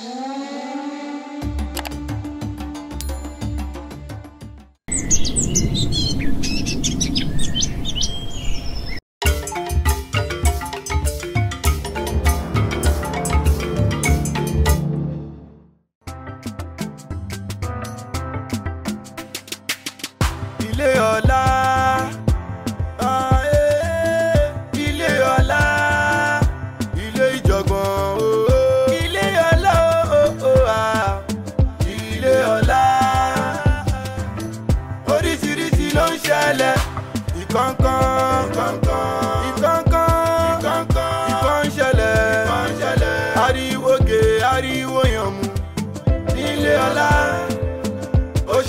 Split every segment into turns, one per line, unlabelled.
Thank you.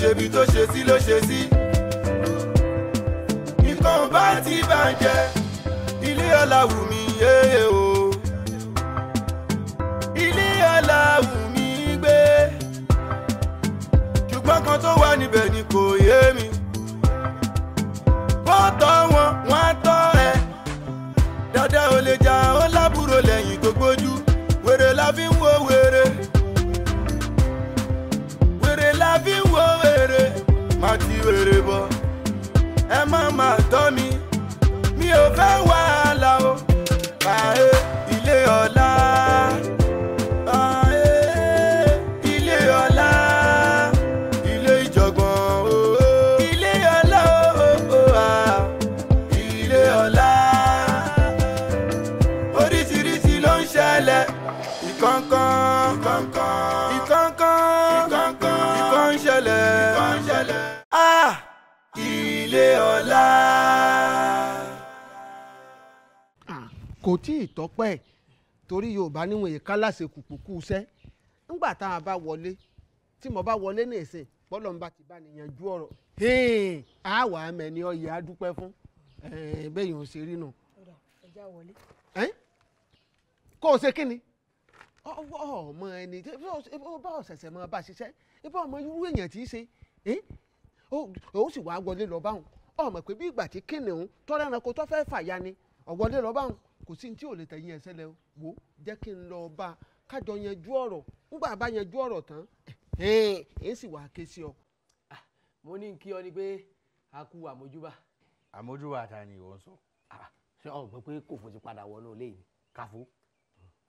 ṣebi tó ṣe sí ló ṣe sí. nǹkan bá ti bàjẹ́ ilé ọlá wù mí yéé o. ilé ọlá wù mí gbé. ṣùgbọ́n kan tó wà níbẹ̀ ni kò yé mi. bọ́tọ̀ wọn wọ́n á tọ́ ẹ dáadáa ó lè máa tọ́ mi mi ò fẹ́ wàhálà o pààyè ilé ọ̀la.
kò tí ì tọ́pẹ́ torí yorùbá níwọ̀n èyí ká lásìkò kúkú ńgbà bá wọlé tí mo bá wọlé ní ìsìn ń bá ti bá níyanjú ọ̀rọ̀ á wà á mẹ́ ni á fún bẹ́ẹ̀ yóò ṣe rí kó o ṣe kí ni ọmọ ẹni bá ọ̀sẹ̀sẹ̀ máa bá ṣiṣẹ́ ibà ọmọ irú èèyàn tí í ṣe sì wọlé lọ báwọn ọmọ pé bí ìgbà tí tó fẹ́ ni lọ báwọn kò sí ní tí ò lè tẹ̀yìn ẹ̀sẹ̀ lẹ wò jẹ́ kí n lọ bá a kájọ yanjú ọ̀rọ̀ nígbà bá yanjú ọ̀rọ̀ tán èyí sì wàá ké sí ọ. Ah, mo ní kí ọ ni pé a kú àmójúbà. àmójúbà ta ni ìwọ ń sọ. Ah, ṣé o mọ̀ pé kòfó ti padà wọnú ilé yìí káfó.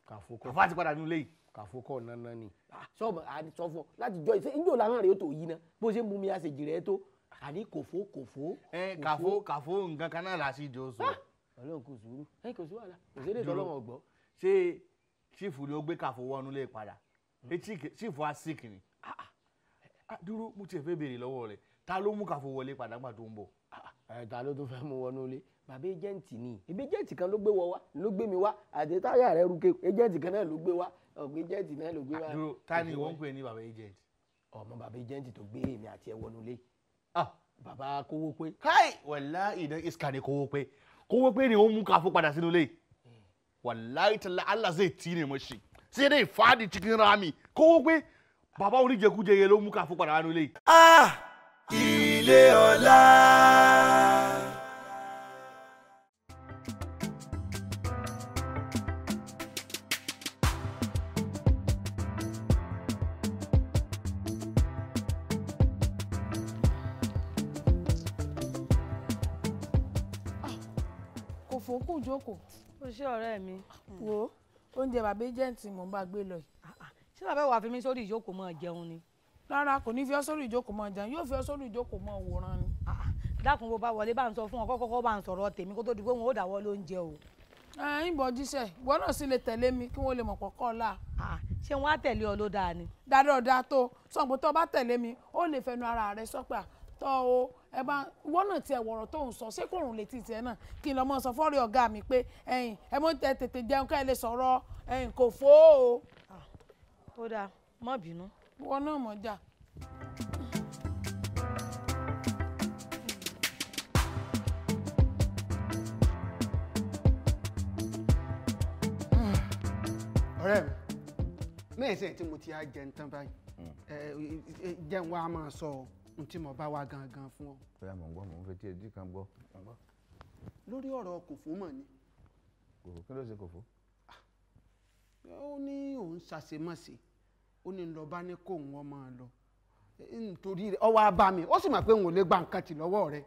káfó kọ́ káfá ti padà nínú ilé yìí. káfó kọ́ nánà ni. Ah, ṣé ọmọ àti sọ fún ọ láti jọ ìfẹ́ ìjọ làwọn rèé tó yí ná bó ṣe ń mú mi àṣejì rẹ tó àní kòfó kòfó. ẹ káfó káfó nǹkan kan náà làṣìjọ sọ ọlọ́run kò sùúrù ẹ kò sí wàhálà kò sí èdè tọ́lọ́wọ̀n ṣé chief ló gbé káfọ wọnú lè padà hmm. chief wa sick ni ah, ah. Ah, dúró mo tiẹ̀ fẹ́ béèrè lọ́wọ́ rẹ̀ ta ló mú káfọ wọlé padà gbà tó ń bọ̀. ta ló tún fẹ́ mú wọnú lé bàbá ejẹ́ǹtì ni ibi ejẹ́ǹtì kan ló gbé wọ wá ló gbé mi wá àti táyà rẹ̀ rúkẹ́ ejẹ́ǹtì kan náà ló gbé wá ejẹ́ǹtì náà ló gbé wá. dúró ta ni ìwọ ń pè ní bàbá ejẹ́ǹtì. ọmọ bàbá ejẹ́ǹtì tó gbé èmi àti ẹ wọnú lé. bàbá kówó pé. káì wàlá ìdán iskani kówó pé kówó pé ni ó mú káfó padà sínú ilé wàláì tẹlẹ Allah zai tí ni mo ṣe ṣé dé ìfáàdì chicken rami kówó pé bàbá oníjẹkújẹ yẹn ló mú káfó padà sínú ilé. ah ilé
ọlá.
jókòó. o ṣé ọ̀rẹ́ mi. Hmm. wo oúnjẹ bàbá agent mò ń bá gbé lọ yìí. Ah, ah. ṣé bàbá wàá fi sórí ìjókòó mọ́ jẹun ni. rárá kò ní fi ọ́ sórí ìjókòó mọ́ jẹun yóò fi ọ́ sórí ìjókòó mọ́ wòran ni. Ah, dákun bó bá wọlé bá ń sọ fún ọ kọ́kọ́ bá ń sọ̀rọ̀ tèmi kó tó di pé wọn ò dáwọ́ lóúnjẹ o. ẹ ń bọ jíṣẹ ìwọ náà sì lè tẹ̀lé mi kí wọn lè mọ̀ pọ̀kọ́ ọ̀la. ṣé wọn á tẹ̀lé ọ ló dáa ni. dáadáa dáa tó sọ̀gbọ́n tọ́ o ẹ bá wọ́n náà tiẹ̀ wọ̀rọ̀ tó ń sọ ṣé kò rùn létí tiẹ̀ náà kí n lọ́ mọ́ sọ fọ́ọ̀rì ọ̀gá mi pé ẹ̀yìn ẹ mọ́ tètè jẹun ká ẹ lè sọ̀rọ̀ ẹ̀yìn kò fó o. ó dáa má bínú. wọn náà mọ̀ jà. ọ̀rẹ́ mi mẹ́ẹ̀sẹ̀ tí mo ti á jẹun tán báyìí hmm. jẹun wa máa sọ ọ́ n tí mo bá wá gangan fún ọ.
bóyá mò ń gbọ́ mò ń fetí etí kan gbọ́.
lórí ọ̀rọ̀ kòfó mọ̀ ni.
kòfó kí ló ṣe kòfó. Ah,
ó ní òun ṣàṣemọ̀ṣe ó ní lọ bá ní kóun ọmọ lọ nítorí ọwọ́ abá mi
ó sì mọ̀ pé òun ò
lè gba nǹkan tì lọ́wọ́ rẹ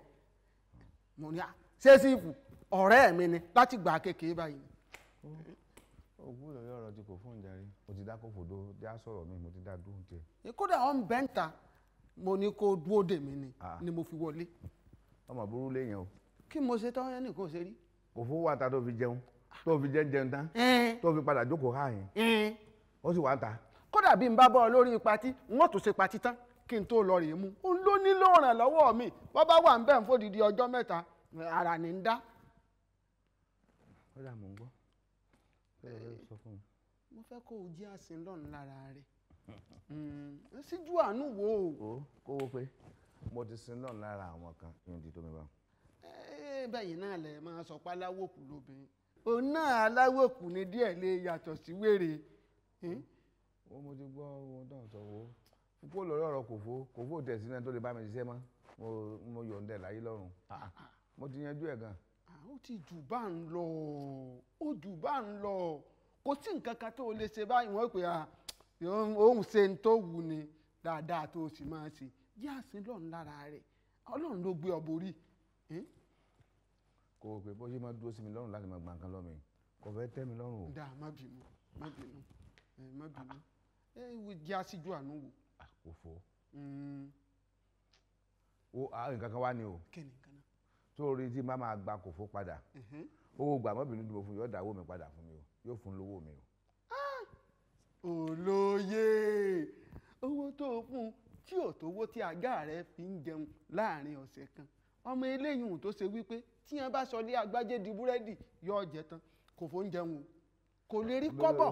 mo ní à ah, ṣé sífù ọ̀rẹ́ mi ni láti gbà kékeré báyìí.
ó gbúdọ̀ lọ́rọ̀ tí kò fún ìjà rí mo ti dá kófò dó dá sọ̀rọ̀ mi mo ti dá dúró tiẹ̀.
kódà ọ̀ bẹ́ńtà mo ní kó dúró dè mí ni ah. ni mo
fi wọlé. ọmọ burú léèyàn o. kí mo ṣe tán ẹnì kan ṣe rí. òfò wà ta tó fi jẹun tó fi jẹun jẹun tán tó fi padà jókòó ha yẹn ó sì wà ta. kódà bí n bá bọ́ ọ lórí patí wọ́n tún ṣe patí tán kí n tó lọ rèé mu òun ló nílò ìrànlọ́wọ́ mi
wọ́n bá wà ń bẹ̀ ń fòdìdí ọjọ́ mẹ́ta ara ní ń dá. kódà mò ń gbọ́. mo fẹ́ kó o jẹ́ àsìn lára
rẹ̀. Mm. síjú àánú wo. o kó o pé mo ti sin náà lára àwọn kan yóò di tó mi bá.
Eh, bẹ́yìn náà lẹ̀ máa sọ pé aláwòkù lóbìnrin òun náà aláwòkù ni díẹ̀ lè yàtọ̀ sí wèrè. Eh?
wọ́n mo ti gbọ́ ohun tó ń sọ wo kó lórí ọ̀rọ̀ kòfó kòfó tẹ̀sí náà tó lè bá mi ṣiṣẹ́ mọ́ mo yọ̀ǹdẹ̀ láyé lọ́rùn ah, ah. mo ti yanjú ẹ̀ gan.
ó ti jù bá ń lọ ó jù bá ń lọ kò sí nǹkan kan tó o lè ṣe báyìí wọ́n pè á òun ṣe ń tó wù ni dáadáa tó o sì máa ṣe jẹ́ àsìn lọ́run lára rẹ̀
ọlọ́run ló gbé ọ borí. kò pé bó ṣe máa dúró sí mi lọ́rùn láti máa gba nǹkan lọ́mọ yìí kò fẹ́ tẹ́ mi lọ́rùn o.
dáa má bínú má bínú má bínú ẹ jẹ́ àṣìjú àánú wò. kò fọ. o hmm.
nǹkan kan wá ni o. kí ni nǹkan náà. tó o rí tí má máa gba kò fó padà. owó gbà mọ́bìnrin dùn fún yóò dáwó mi padà fún mi o yóò fún lówó mi o. olóyè owó tó o fún tí o tó owó tí àgá rẹ fi ń jẹun
láàrin ọ̀sẹ̀ kan ọmọ eléyìí hùn tó ṣe wípé tí wọn bá sọ ní agbájé di búrẹ́dì yóò jẹ
tán kò fó ń jẹun kò lè rí kọ́bọ̀.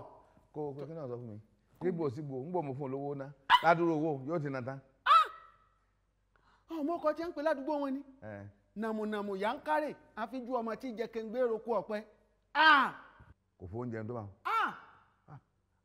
kò kò kí náà sọ fún mi níbo síbo ń bọ̀ mo fún olówó ná ládùúgbò owó yóò ti nà tán.
Ah! ọmọ ọkọ tí ń pè ládùúgbò wọn ni nàmùnàmù yà ń kárè àfijú ọmọ tí jẹ kéńgbé roko ọ̀pẹ. Ah!
kò fó ń tó bá wọn. Ah!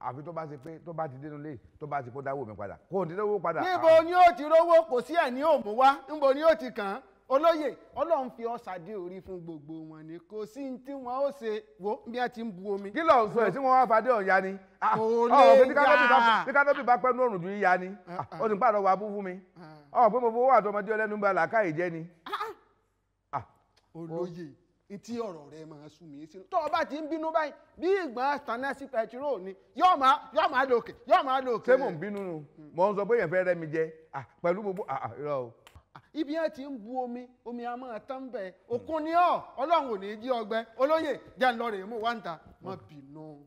àfi tó bá ti pé tó bá ti dénú lé tó bá ti kó dáwó mi padà kò ní lówó padà. níbo
ni ó ti rówó kò sí ẹ̀ ní òmù wá níbo ni ó ti kàn án ọlọ́run fi ọ̀sà orí fún gbogbo wọn ni kò sí tí wọ́n ó ṣe wo bí a ti ń
bu omi. kí ló ń sọ ẹ̀ tí wọ́n wá fadé ọ̀ya ni.
Ah, kò lè yá
bí kánọ́bì bá pẹ́ nù ju yíya ni ah, ah, ó ti ń pàdánù wa fún mi ọ̀ pé mo fowó àtọmọdé ọlẹ́nu bá làákàyè jẹ́ ni. olóyè eti ọ̀rọ̀ rẹ máa sún mi sínú
tó o bá ti ń bínú báyìí bí ìgbọ́n sí pẹtiró ni yóò máa yóò máa lòkè yóò máa lòkè. ṣé mò ń bínú nu
mò ń sọ pé èèyàn fẹ́ rẹ́ mi jẹ pẹ̀lú gbogbo irọ́ o.
ibi yẹn ti ń bu omi omi a tán bẹ́ẹ̀ òkun ni ọ ọlọ́run ò ní í jí ọgbẹ́ olóyè jẹ́ ń lọ mú wáńtà má bínú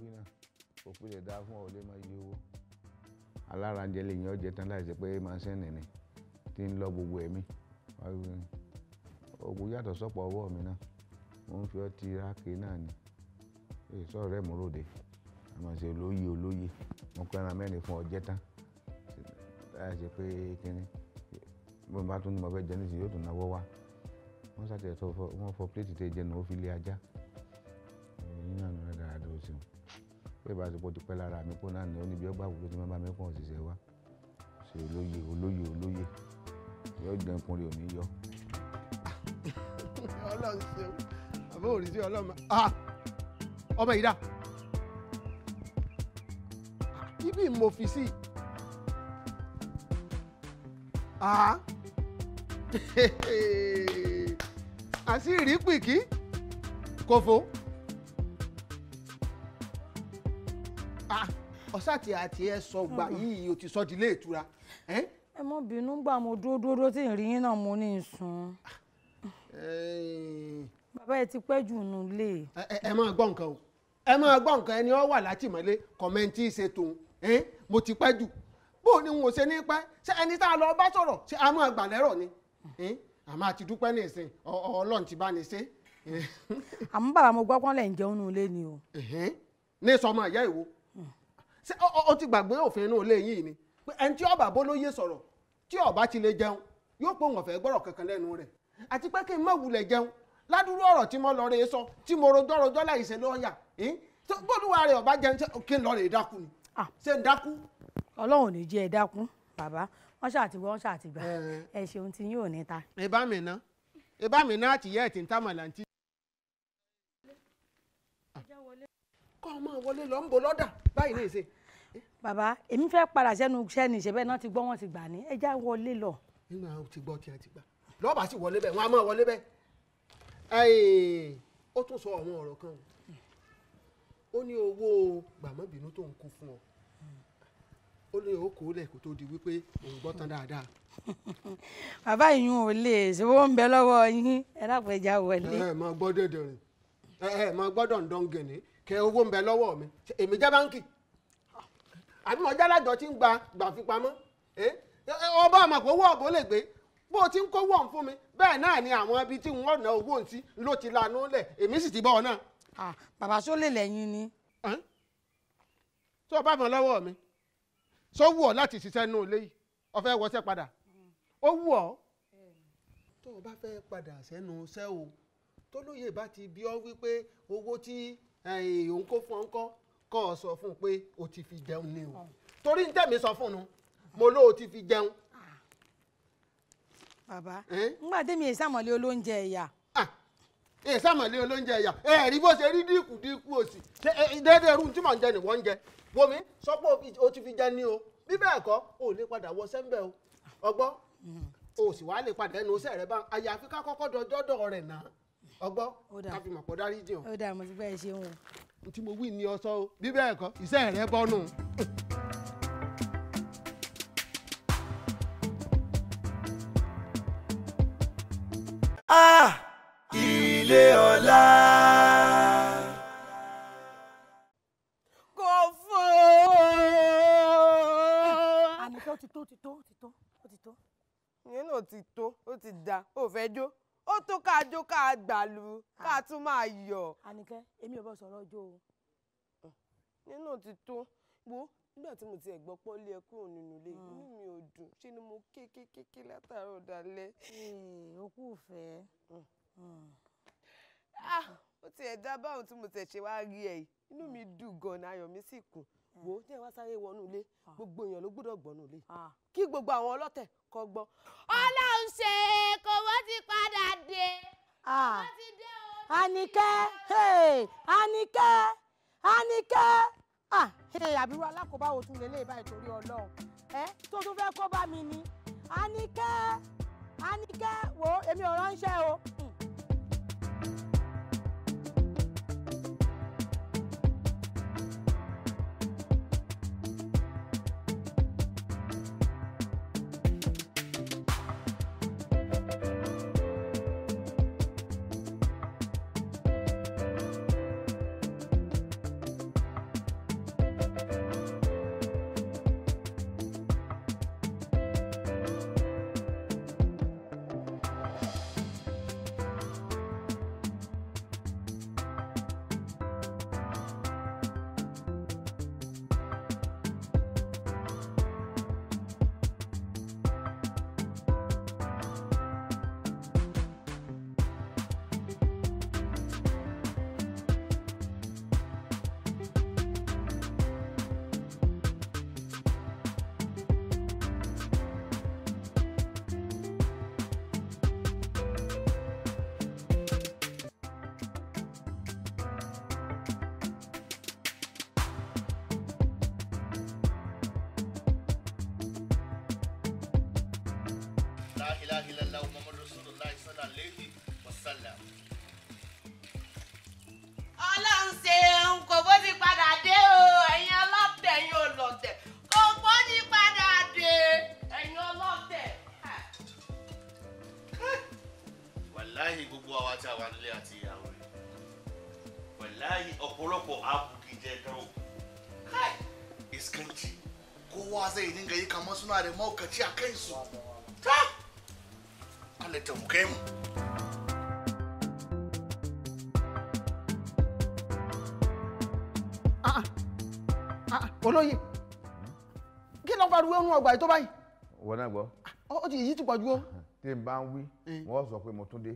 mi. alárànjẹ lè yan ọjẹ tán láìsí pé mansini ni tí ń lọ gbogbo ẹ̀mí oògùn yàtọ̀ sọ́pọ̀ ọwọ́ mi náà mo ń fi ọtí ráàkì náà ni èso ọ̀rẹ́ mi ròde àmọ̀sẹ̀ olóye olóye mo kọ́ ẹran mẹ́rin fún ọjẹ́ tán láìsí pé kínní bó bá tún ní mo fẹ́ jẹ nísìnyí yóò tún náwó wá wọ́n ṣàtẹ̀ tó wọ́n fọ pléètì tẹ̀ jẹ́ nù ó fi lé ajá. pé ìbáṣepọ̀ ti pẹ́ lára mi kó náà ní oníbi ọgbà wúlò tí mẹ́bàá mẹ́kàn òṣìṣẹ́ wa ṣe olóye olóye olóye yóò dán kùnrin òní yọ.
ọlọ́run ṣeun àbó òrìṣẹ ọlọ́run ah! ọmọ yìí dá ah! ibi mo fi sí ah! àṣírí pìkì kòfó. ọ̀sàtì àti ẹ sọ gbà hmm. yìí o ti sọ di ilé ìtura. ẹ mọ bínú gbà mo dúró dúró tí ìrìn yín náà mo ní í sùn. Ah, bàbá ẹ ti pẹ́ jù nù lé. ẹ máa gbọ́ nǹkan o ẹ máa gbọ́ nǹkan ẹni ọ wà látìmọ́lé kọ̀mẹ́ntì ṣe tòun mo ti pẹ́ jù bó ni n ò ṣe ní pẹ́ ṣe ẹni tá a lọ bá sọ̀rọ̀ ṣe a máa gbà lẹ́rọ̀ ni àmọ́ àti dúpẹ́ ní ìsìn ọlọ́run ti bá ní ṣe. àmọ́ mo gbọ́ pọ́n lẹ̀ ń jẹun nù lé ni o. ní sọmọ ìyá ìwo ṣé ó ti gbàgbé òfin inú ilé yìí ni pé ẹni tí ọba bólóyè sọ̀rọ̀ tí ọba ti lè jẹun yóò pé wọn fẹ́ gbọ́rọ̀ kankan lẹ́nu rẹ̀ àti pé kí n má wulẹ̀ jẹun ládùúrú ọ̀rọ̀ tí mo lọ rè é sọ tí mo rojọ́ rojọ́ láìsẹ̀ lọ́ọ̀yà bólúwa rẹ̀ ọba jẹun ṣé kí n lọ rè é dákú ni ṣé n dákú. ọlọ́run ò ní jẹ́ ẹ dákú bàbá wọ́n ṣàti wọ́n ṣàti gbà ẹ ṣeun tí yín ò ní ta. ẹ bá mi ná ẹ bá mi ná kọ́ ọmọ wọlé lọ ń bo lọ́dà báyìí ní ìṣe. bàbá èmi fẹ́ padà sẹ́nu iṣẹ́ ní ìṣẹ́bẹ́ náà ti gbọ́ wọn ti gbà ní ẹja wọlé lọ. nínú àwọn ti gbọ́ tí a ti gbà lọ́ọ̀bà sì wọlé bẹ́ẹ̀ wọn a máa wọlé bẹ́ẹ̀. ó tún sọ àwọn ọ̀rọ̀ kan ó ní owó gbàmọ́bìnú tó ń kó fún ọ ó lè ó kó lẹ̀ kó tó di wípé òun gbọ́ tán dáadáa. bàbá ìyún ò lè ṣòwò ń bẹ lọ́wọ́ yín ẹ lápẹjà wọlé. ẹ ẹ máa gbọ́ dẹ̀dẹ̀ rìn ẹ ẹ máa gbọ́ dọ̀ǹdọ̀ǹ gẹ̀ẹ́nì kẹ owó ń bẹ lọ́wọ́ mi èmi jẹ́ báńkì àbí mo jẹ́ alájọ tí ń gba gbà fi pamọ́ ọba àmàpọ̀ owó ọ̀bọ lè gbé bó o ti ń kówó ọ̀hún fún mi bẹ́ẹ̀ náà ni àwọn ibi tí wọ́n ná owó ntí ló ti lanú lẹ̀ èmi sì ti bọ̀ náà. bàbá sọ lè lẹ́yìn ni. tó o bá mọ lọ́wọ́ mi sọ wù ọ́ láti ṣiṣẹ́ nù ilé yìí o fẹ́ wọṣẹ́ padà ó wù ọ́ tó o bá fẹ́ padà sẹ́nu iṣẹ́ o tó lóye bá ti bí ọ wípé owó tí òun kó fún ọ o ti fi jẹun ni o torí tẹ̀mí sọ fún un mo ló o ti fi jẹun. bàbá ńgbà mi ìsàmọ̀lé olóúnjẹ ẹ̀yà. ìsàmọ̀lé olóúnjẹ ẹ̀yà ẹ rí bó ṣe rí dínkù dínkù òsì déédéé irú tí mò ń jẹ ni wọ́n ń jẹ wọ́mi sọ ti fi ni o bí bẹ́ẹ̀ o lè padà wọ o ọgbọ́n mm. o sì wá lè padà ẹnu rẹ bá ká kọ́kọ́ dọjọ́ dọ̀ ọgbọ́ káfí mọ̀ pọ̀ dárí jìn ó dà mo ti gbọ́ ẹ ṣeun o. tí mo wí ni ọ sọ o bí bẹ́ẹ̀ kọ́ iṣẹ́ rẹ bọ́nù.
ah ilé ọlá.
kò fún un. àmì tó ti tó ti tó ti tó ti tó. ìyẹn náà ti tó ó ti da ó fẹ́ jó ó tó ká jó ká gbàlú ká ah. tún máa yọ̀. àníkẹ́ èmi ò bọ́ sọ̀rọ̀ ọjọ́
o.
nínú ti tó wo nígbà tí mo tiẹ̀ gbọ́ pọ́lí ẹ kúrò nínú ilé hmm. inú mi ò dùn ṣé ni mo ké ké ké ké látàárọ̀ dalẹ́. Hmm. Hmm. Ah, ó kù fẹ́. ó tiẹ̀ dá báwọn tí mo tiẹ̀ ṣe wá rí ẹ yìí inú mi dùn gan-an ayọ̀ mi sì kún eh. wo jẹ́ wá sáré wọnú ilé ah. gbogbo èèyàn ló gbọ́dọ̀ gbọ́nú ilé kí gbogbo àwọn ọlọ́tẹ̀ kọ́ gbọ́. ọlọ́run ṣe
kó ti padà dé. Ah. wọ́n ti dé
o. Àníkẹ́ Àníkẹ́ Àníkẹ́ ah, àbúrò alákòóbá wo tún lélẹ́yìí báyìí torí Ọlọ́run ẹ tó tún fẹ́ kó bá mi ni Àníkẹ́ Àníkẹ́ wo èmi ò ránṣẹ́ o. Hmm. mahaukaci a kansu ta Allah tamkai mu olóyè kí ló pariwo ẹnu ọgbà yìí tó báyìí. wọn náà gbọ́. ó ti yìí ti pọ̀ ju o.
tí n bá ń wí wọn sọ pé mo tún dé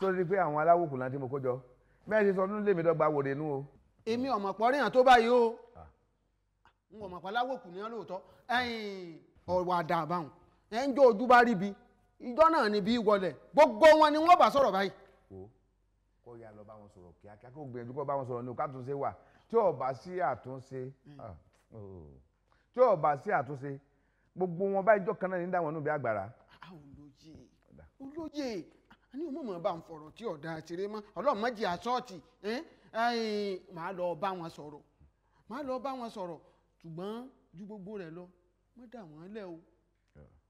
tó rí i pé àwọn aláwòkù náà tí mo kó jọ bẹ́ẹ̀ ti sọ ọdún lèmi dọ́gba wòde nú o. èmi ọ̀mọ̀ pọ̀ ríyàn tó báyìí o
n kò mọ̀ pé aláwòkù ni wọ́n lóòótọ́ ọ̀wà dàbáwọn ẹ̀ ń jó ojú bá rí bi ìjọ náà ni bí wọlé
gbogbo wọn ni wọ́n bá sọ̀rọ̀ báyìí. o kó ya lọ bá wọn sọ̀rọ̀ kíákíá kó gbìyànjú kó bá wọn sọ̀rọ̀ ní òkú àtúnṣe wà tí ò bá sí àtúnṣe hmm. ah, oh, tí ò bá sí àtúnṣe gbogbo wọn bá ìjọ kan náà ní dáwọn níbi àgbàrá.
Ah, olóye olóye ní o mọ̀ mọ̀ bá ń fọ̀rọ̀ tí ọ̀dà àtìrẹ́ mọ́ ọlọ́run má jẹ́ àsọ́ọ̀tì máa lọ bá wọn sọ̀rọ̀ máa lọ bá wọn sọ̀rọ̀ ṣùgbọ́n ju gbogbo rẹ̀ lọ má dà wọ́n lẹ̀ o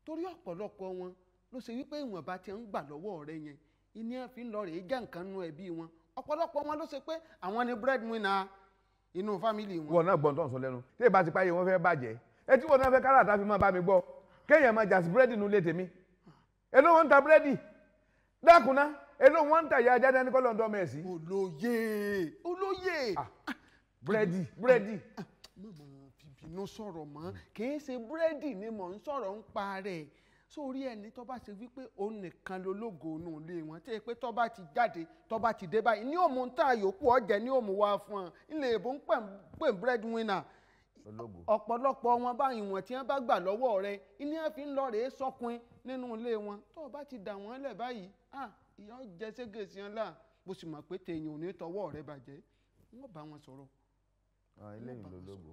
torí ọ̀pọ̀lọpọ̀ wọn ló ṣe wípé ìwọ̀nba tí ń gbà lọ́wọ́ rẹ yẹn ìní àfi ń lọ rèé já nǹkan nú ẹbí wọn ọ̀pọ̀lọpọ̀ wọn ló ṣe pé àwọn ni
bread winner inú fámìlì wọn. wọn náà gbọ́n tó ń sọ lẹ́nu tí èèbá ti páyé wọn fẹ́ bàjẹ́ etí wọn náà fẹ́ kára àtàfi máa bá mi gbọ́ kéèyàn máa jà sí búrẹ́dì nulẹ̀ tèmi èló wọn ń ta búrẹ́dì dákúná èló wọn ń ta ìyá ajá dání kọ́lọ́ ń olóyè olóyè. Ah, búrẹ́dì búrẹ́dì. Ah, ah, ló sọ̀rọ̀ mọ́ kìí
ṣe búrẹ́dì ni mò ń sọ̀rọ̀ ń pa rẹ̀ sórí ẹni tó bá ṣe wípé òun nìkan lológo inú ilé wọn tẹ́ ẹ pé tó bá ti jáde tó bá ti dé báyìí ní òmu tá àyòkù ọ̀jẹ̀ ní òmu wá fún ọ ilé ìbò ń pè búrẹ́dì wínà ọ̀pọ̀lọpọ̀ wọn báyìí wọ̀n tí wọ́n bá gbà lọ́wọ́ rẹ ilé wọn fi ń lọ rèé sọkun nínú ilé wọn tó o bá ti dà wọ́n lẹ̀ báyìí ah ìyá jẹ ségèsì ńlá bó sì mọ̀ pé tèèyàn ò ní tọwọ́ rẹ bàjẹ́
wọ́n bá wọn sọ̀rọ̀. eléyìí ló lógo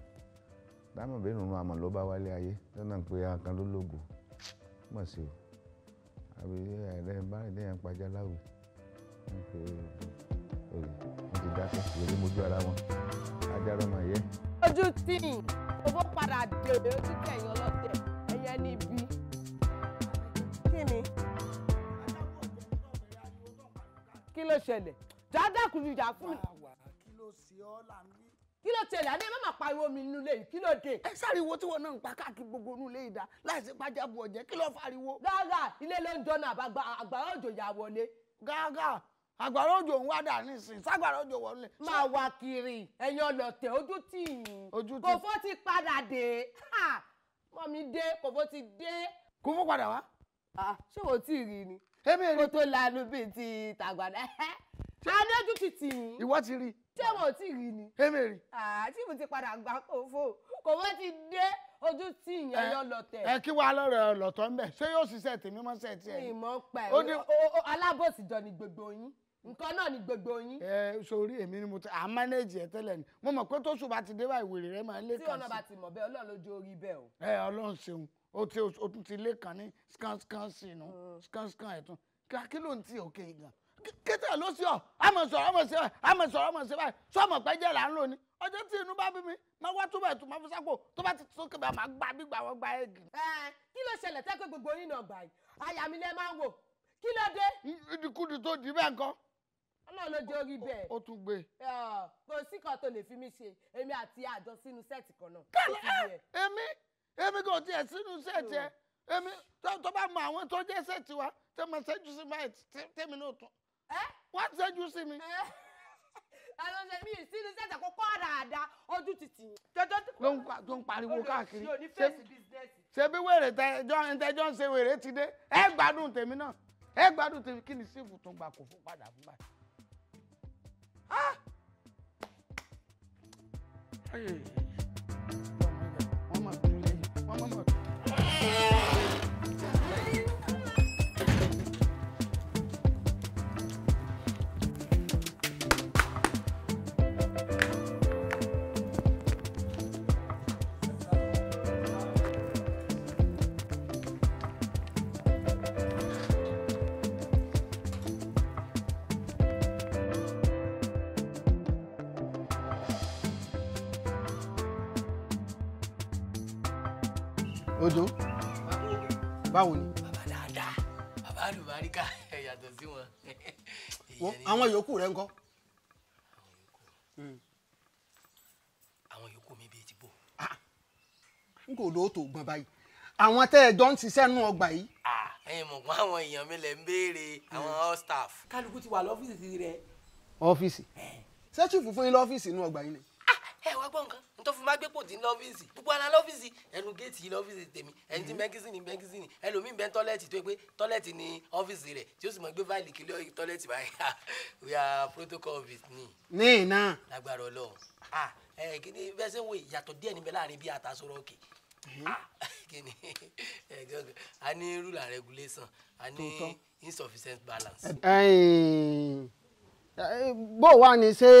dámọ̀ bẹ́ẹ̀ nínú àmọ̀ ló bá wálé ayé lọ́nà pé akan ló lògò mọ̀ sí o àbí ẹ̀rẹ́ bá rìn lẹ́yìn pàjá láwì wọ́n pe òye wọ́n ti dákẹ́ lórí mojú ara wọn ajáró máa yẹ.
ojú tí owó padà dé ojú kẹyìn ọlọ́tẹ̀ ẹyẹ níbí. kí ni kí ló ṣẹlẹ̀ jáde kùnú ìjà fún mi kí ló tẹlẹ àní ẹ má má pariwo mi nínú ilé yìí kí ló dé. ẹ sáriwo tí wọn náà ń pa káàkiri gbogbo inú ilé yìí dá láìsí pàjáwò ọjẹ kí ló fariwo. gàgà ilé ló ń dọ́nà àbàgbà àgbàrá òjò yà wọlé. gàgà àgbàrá òjò ń wá dà nísìn ságbàrá òjò wọlé. máa wá kiri ẹ̀yin ọlọ̀tẹ̀ ojú tì yín kò fó ti padà dé mọ mi dé kò fó ti dé. kò fó padà wá. ṣé o tí rí ni kó tó lanu bíi ti tàgbàdá adójú ti ti rí i ṣé wọn ti rí ni. èmi rí. àti mo ti padà gbà kófò kò wọ́n ti dé ojú tí ìyẹn yọ lọ́tẹ̀. ẹ kí wàá lọ́rọ̀ lọ́tọ̀ ń bẹ̀ ṣé yóò ṣiṣẹ́ tèmi mọ́ sẹ́ẹ̀ tiẹ̀. ìmọ̀ pa ẹ̀ alábòsíjọ ni gbogbo yín nǹkan náà ni gbogbo yín. ẹ sori èmi ni mo ti à mánéèjì ẹ tẹ́lẹ̀ ni mo mọ̀ pé tó sùn bá ti dé báyìí wèrè rẹ máa lé kan sí. tí ọlọ́ba ti mọ̀ bẹ́ẹ̀ ọlọ́run lójú orí bẹ́ẹ̀ o. ẹ ọlọ́run ṣeun o ti o tún ti lé kan ní scan mm. scan sí inú scan scan ẹ̀ tún kí ló ń ti òkè gan kété ló sí ọ àmọ̀ sọ̀rọ̀ àmọ̀ sí báyìí àmọ̀ sọ̀rọ̀ àmọ̀ sí báyìí sọmọ pẹ jẹ là ń lò ní ọjọ́ tí inú bá bí mi máa wá túbọ̀ ẹ̀tún máa fi sápò tó bá ti tó kébà máa gbá bí gbà wọ́n gba ẹ̀gì. ẹ kí ló ṣẹlẹ̀ tẹ́ pé gbogbo yín náà gbà yìí àyà mi lẹ máa ń wò kí ló dé. ìdíkùdì tó di bẹ́ẹ̀ nǹkan. ọlọ́run ló jẹ́ orí bẹ́ẹ̀. ó tún gbé. kò sí kan tó lè fi mí ṣe èmi àti àjọ sínú sẹ́ẹ̀tì kan náà. kálẹ̀ èmi èmi kò tiẹ̀ sínú sẹ́ẹ̀tì ẹ èmi tó bá mọ àwọn tó jẹ́ sẹ́ẹ̀tì wa tẹ́ Eh? wọ́n ti ṣẹ́jú sí mi. ẹ̀rọ eh? ṣe mi sí ní sẹ́sẹ̀ kó kọ́ àdáadáa ọdún títì. ló ń pariwo káàkiri ṣe bí wèrè tẹjọ́ ń ṣe wèrè ti dé ẹ gbádùn tèmi náà ẹ gbádùn tèmi kí ni sífù tún gbà kó fún padà fún báyìí. Ah! odò báwo ni. bàbá dáadáa bàbá àlùbáríkà yàtọ̀ sí wọn. àwọn yòókù rẹ ńkọ́. àwọn yòókù mi bíi ti bò. Ah, n kò lóòótọ́ gbọ́n báyìí àwọn tẹ́ ẹ jọ ń ṣiṣẹ́ nú ọgbà yìí. Ah, ẹ̀yin mọ̀ pé àwọn èèyàn mi lè ń béèrè àwọn all staff. kálukú ti wà lọ́fíìsì rẹ. ọ́fíìsì ṣé chief fún yín lọ́fíìsì nú ọgbà yìí ni ẹ wá gbọ́ nǹkan n tó fi má gbé pò dín lọ́fíìsì gbogbo ara lọ́fíìsì ẹnu géètì lọ́fíìsì tèmi ẹni tí bẹ́ńkísì mm-hmm. ni bẹ́ńkísì ni ẹlòmíì bẹ́ẹ̀ tọ́lẹ́tì tó pé tọ́lẹ́tì ni ọ́fíìsì rẹ̀ tí ó sì mọ̀ gbé fáìlì kí tọ́lẹ́tì báyìí we are protocol office ni. ní iná. lágbára Ọlọ́run ah, ẹ kí ni bẹ́ẹ̀ sẹ́wọ̀n ìyàtọ̀ díẹ̀ níbẹ̀ láàrin bí àtàsọ̀rọ̀ òkè mm-hmm. ah, kini a ní rule and regulation a insufficient balance. bó wà ní ṣé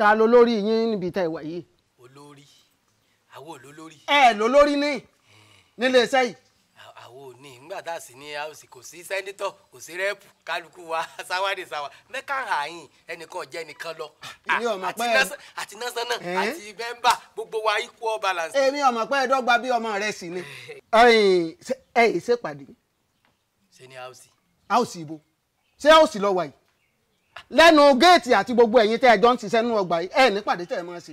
ta ló lórí yín níbi tá ìwà yìí. olórí àwọn olólórí. ẹ ló lórí ní nílé iṣẹ́ yìí. àwọn ò ní tá a sì ní house kò sí sẹ́ńdítọ̀ kò sí rẹ́ẹ̀pù kálukú wa sáwádìí sáwà mẹ́ka àyìn ẹnìkan jẹ́ nìkan lọ. èmi ọmọ pẹ́ ẹ àti násánà àti mẹ́mbà gbogbo wa equal balance. èmi ọmọ pẹ́ ẹ dọ́gba bí ọmọ rẹ sì ni. ẹ ẹ ṣèpàdé. ṣe ni house. house ibo ṣé house lọ wà lẹ́nu géètì àti gbogbo ẹ̀yin tẹ́ ẹ jọ ń ṣiṣẹ́ nínú ọgbà yìí ẹ̀ nípàdé tẹ́ ẹ máa ṣe.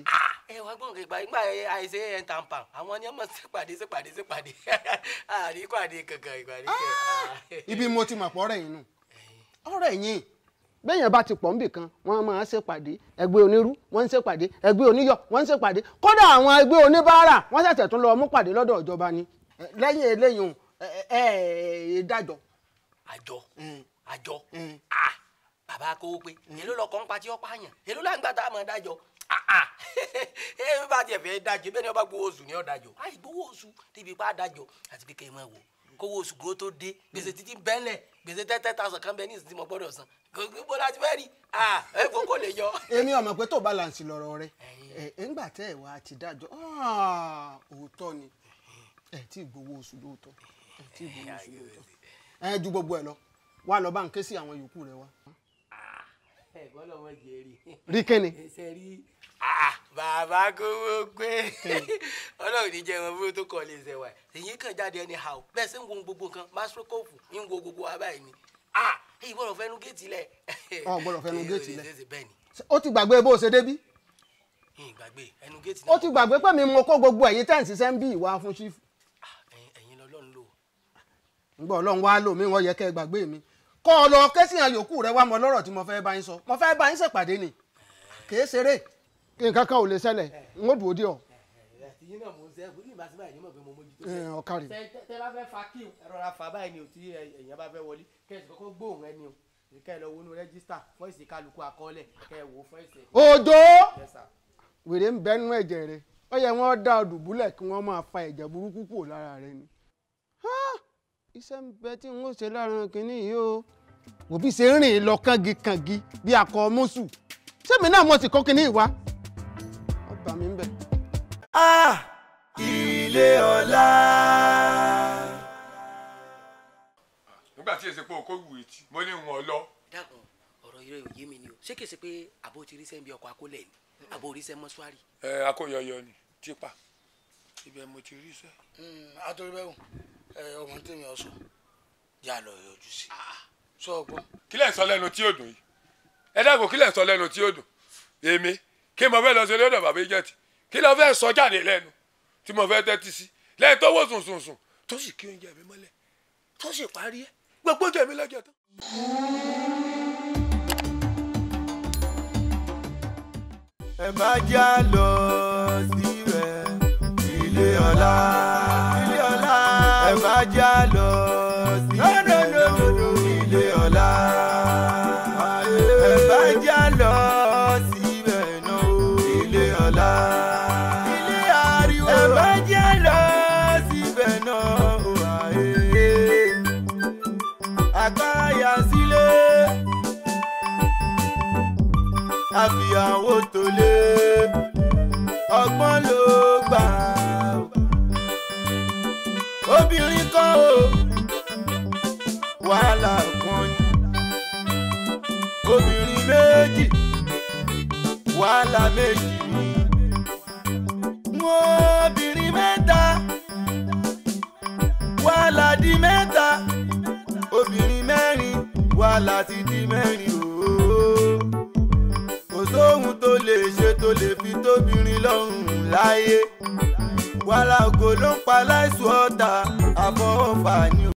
ẹ wá gbọ́n kí ìgbà ìgbà àìsè ẹ̀ ń tàn pàn àwọn ni wọ́n máa ṣèpàdé ṣèpàdé ṣèpàdé àrí ìpàdé kankan ìpàdé kankan. ibi mo ti mọ̀ pọ̀ ọ̀rẹ́ yìí nù ọ̀rẹ́ yìí bẹ́ẹ̀yàn bá ti pọ̀ níbì kan wọ́n máa ṣèpàdé ẹgbẹ́ onírú wọ́n ń ṣèpàdé ẹgbẹ́ oníyọ̀ wọ́n ń ṣèpàdé kódà àwọn ẹgbẹ́ oníbàárà wọ́n ṣẹ̀ṣẹ̀ tún lọ mú pàdé lọ́dọ̀ ìjọba ni lẹ́yìn eléyìí ẹ ẹ dájọ́. àjọ àjọ ah bàbá kówó pé èló lọkọ̀ ń pa tí ó pààyàn èló láǹgbà tá a máa dájọ́ ẹ bá tiẹ̀ fẹ́ dájọ́ bẹ́ẹ̀ ni ọba gbowó oṣù ni ó dájọ́ àì gbowó oṣù débi pa dájọ́ àti pé kẹ́ ẹ wò kówó oṣù kó tó dé gbèsè títí bẹ́lẹ̀ gbèsè tẹ́tẹ́ tàṣà kan bẹ́ẹ̀ ní ìsìn tí mo gbọ́dọ̀ san gbogbo láti fẹ́ rí ah, ẹ fò kó lè yọ. èmi ọmọ pé tó balance lọ́rọ̀ rẹ ẹ ńgbà tẹ ẹ wá ti dájọ́ ah, òótọ́ ni ẹ tí gbowó oṣù lóòótọ́ ẹ tí gbowó oṣù lóòótọ́ ẹ ju gbogbo ẹ lọ wá lọ bá ń ké sí àwọn yòókù rẹ wá ẹ̀gbọ́n lọ́mọ jèrè. rí kíni. ṣe rí ah, bàbá kówó pé ọlọ́run ní jẹ́ ẹran búrú tó kọ́ lè ṣẹ̀wà èyí kàn jáde ẹni hà ó bẹ́ẹ̀ sẹ́ ń wo gbogbo nǹkan mástrókòfù ń wo gbogbo abá yìí ni èyí ah, gbọ́dọ̀ fẹ́nu géètì lẹ̀. ọ gbọ́dọ̀ fẹ́nu géètì lẹ̀ ó ti gbàgbé bó o ṣe débí. ìgbàgbé ẹnu géètì náà. ó ti gbàgbé pé mo kó gbogbo ẹ̀yin tẹ́ ń ṣiṣẹ́ ń bí ìwà fún ṣífù. Ah, ẹ̀yin lọ́lọ́run lò. ń gbọ́ ọlọ́run wá lò mí wọ́n yẹ kẹ́ gbàgbé mi. kọ́ ọ lọ yòókù rẹ wá mọ lọ́rọ̀ tí mo fẹ́ bá yín sọ mo fẹ́ bá yín sèpàdé ni kì í ṣeré. nǹkan kan lè ṣẹlẹ̀ n ó dùn ọ. o kẹ́ lọ rẹ́gísítà kálukú rẹ ó yẹ wọ́n dá ọdùbúlẹ̀ kí wọ́n máa fa ẹ̀jẹ̀ burúkú kúrò lára rẹ ni. iṣẹ́ ń bẹ tí n o. wò ṣe ń rìn lọ kángi kángi bí akọ mọ́sù sẹ́mi náà mo sì kọ́ kínní ìwá ọba
mi ń bẹ̀. Ah! ilé ọlá. nígbà tí èsì pé òkú wù etí
mo ní wọn lọ.
dàgbọ́n ọ̀rọ̀ irọ́ òye mi ni o ṣé kìí ṣe pé àbó ti ríṣẹ́ bí ọkọ̀ akólẹ̀ ni àbó ríṣẹ́ mọ́ṣúárì.
ẹ akóyọyọ ni tipa
ibẹ̀ mo ti ríṣẹ́. àtòrí bẹ́ẹ̀ ọmọ tèmi ọ̀sán yà lọ yọjú sí i. Ah, sọ ọgbọ́n. kí lẹ̀ ń sọ lẹ́nu tí yóò dùn yìí ẹ dàgbò kí ń sọ lẹ́nu tí yóò dùn èmi kí mo fẹ́ lọ sí lọ́dọ̀ bàbá ìjẹ́tì kí lọ fẹ́ sọ jáde lẹ́nu tí mo fẹ́ tẹ́tí sí lẹ́yìn tó wò sùnsùnsùn tó sì kí oúnjẹ mi mọ́lẹ̀ tó sì parí ẹ gbogbo oúnjẹ lọ́jọ́ tán.
ẹ má já lọ sí rẹ ilé ọlá ilé ọlá ẹ má já lọ. fìyàwó tó lé ọgbọ́n ló gbà obìnrin kan o wàhálà kan ni obìnrin méjì wàhálà méjì ni wọ́n. láyé wàhálà ògo ló ń pa láìsùn ọ̀tá àfọwọ́fà ni.